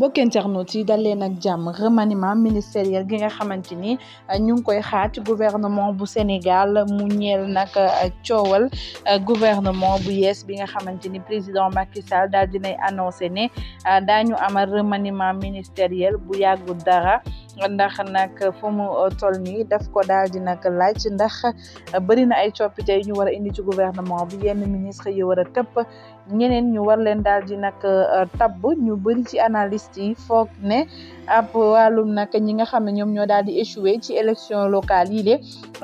mbokki internautes yi dal leen ak jàmm remaniement ministériel gi nga xamante ni euh, ñu ngi koy xaar ci gouvernement bu Sénégal mu ñeel nag euh, coowal euh, gouvernement bu yees bi nga xamante ni président Macky Sall daal dinay annoncé ne daañu amal remaniement ministériel bu yàggul dara ndax nag fu mu toll nii def ko daal di nag laaj ndax bëri na ay coppite yu ñu war a indi ci gouvernement bu yenn ministre yi war a ñeneen ñu war leen daal di nag euh, tabb ñu bëri ci analyste yi foog ne ab wàllum nag ñi nga xam ne ñoom ñoo daal di échoué ci élection locale yi de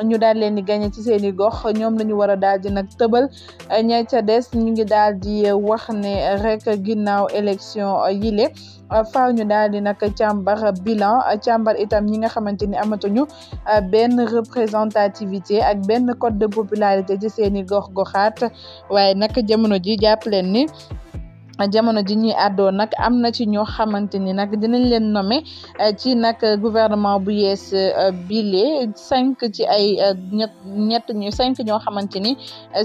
ñu daal leen di gagné ci seeni gox ñoom la ñu war a daal di nag tëbal ña ca des ñu ngi daal di wax ne rek ginnaaw élection yi le ñu daal di nag càmbar bilan càmbar itam ñi nga xamante ni amatuñu euh, benn représentativité ak benn code de popularité ci seeni gox goxaat waaye nag jamono ji jàppale leen ni jamono ji ñuy àddoo nag am na ci ñoo xamante ni nag dinañ leen nommé eh, ci nag gouvernement bu yees eh, bile cinq ci ay eh, ñett ñu cinq ñoo xamante ni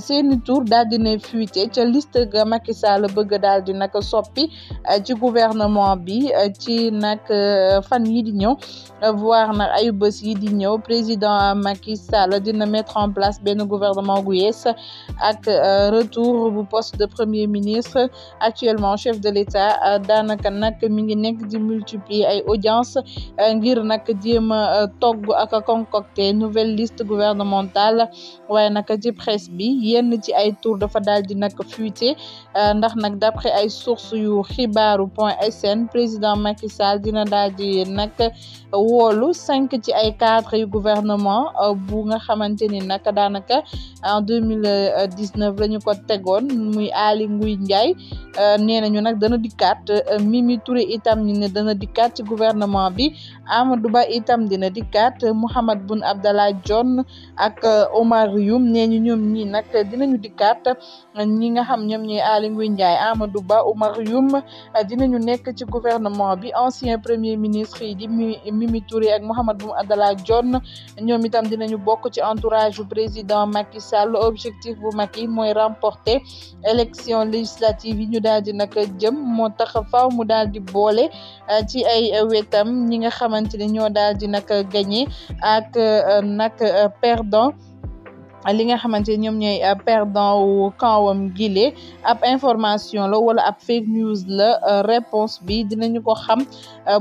seeni tour daal dina fuité ca liste ga Macky Sall bëgg daal di nag soppi ci gouvernement bi ci nag fan yi di ñëw voir nag ay bës yi di ñëw président Macky Sall dina mettre en place benn gouvernement bu yees ak retour bu poste de premier ministre ak actuellement chef de l'État euh, daanaka nag mi ngi nekk di multiplier ay audience euh, ngir nag jéem a euh, togg ak concocter nouvelle liste gouvernementale waaye nag ci presse bi yenn ci ay tour dafa daal di nag fuité ndax nag d'après ay sources yu xibaaru point sn président Macky dina daal di nag woolu cinq ci ay cadres yu gouvernement bu nga xamante ni nag daanaka en deux mille dix ko tegoon muy Aly Ngouille Ndiaye nee nañu nag dana dikkaat euh, Mimi Touré itam ñu ne dana dikkaat ci gouvernement bi Amadou Ba itam dina dikkaat Mouhamed Boun Abdallah Dionne ak euh, Omar Youm nee ñu ñoom ñii nag dinañu dikkaat ñi nga xam ñoom ñooy Aly Ngouille Ndiaye Amadou Ba Omar Youm dinañu nekk ci gouvernement bi ancien premier ministre yi di Mimi Touré ak Mouhamed Boun Abdallah Dionne ñoom itam dinañu bokk ci entourage bu président Macky Sall objectif bu Macky mooy remporter élection législative yi ñu daal daal di nag jëm moo tax faaw mu daal di boole euh, ci ay euh, wetam ñi nga xamante ni ñoo daal di nag gagné ak euh, nag perdant. li nga xamante ñoom ñooy perdant wu kawam gile ab information la wala ab fake news la réponse bi dinañu ko xam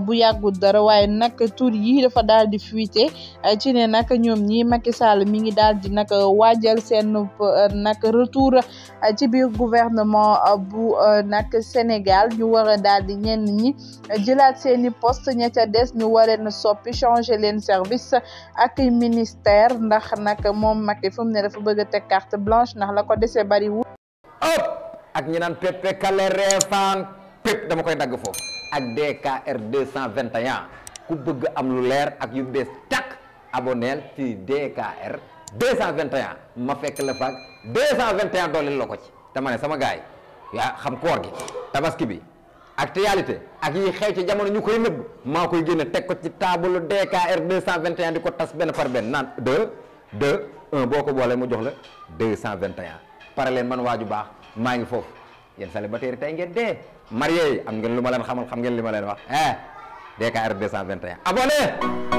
bu yàggul dara waaye nag tur yi dafa daal di fuité ci ne nag ñoom ñi Macky Sall mi ngi daal di nag waajal seen nag retour ci biir gouvernement euh, bu euh, nag Sénégal ñu war a daal di ñenn ñi jëlaat seen i poste ña ca des ñu war na soppi changer leen service ak ministère ndax nag moom Macky fu mu ne dafa bëgg a teg carte blanche ndax la ko desee bari wu ëpp ak ñi naan pépp kale reefaan pépp dama koy dagg foofu ak DKR 221 ku bëgg am lu leer ak yu bees takk aboneel ci DKR 221 ma fekk la faag 221 dooleel la ko ci dama ne sama gars yi yaa xam koor gi tabaski bi ak réalité ak yi xew ci jamono ñu koy nëbb maa koy génne teg ko ci de taabalu DKR 221 di ko tas benn par benn naan 2 2 boo ko boolee mu jox la cent 221 pare leen man waaju baax maa ngi foofu yéen célibataire tey ngeen dee marié yi am ngeen lu ma leen xamal xam ngeen li ma leen wax de eh DKR 221 abonné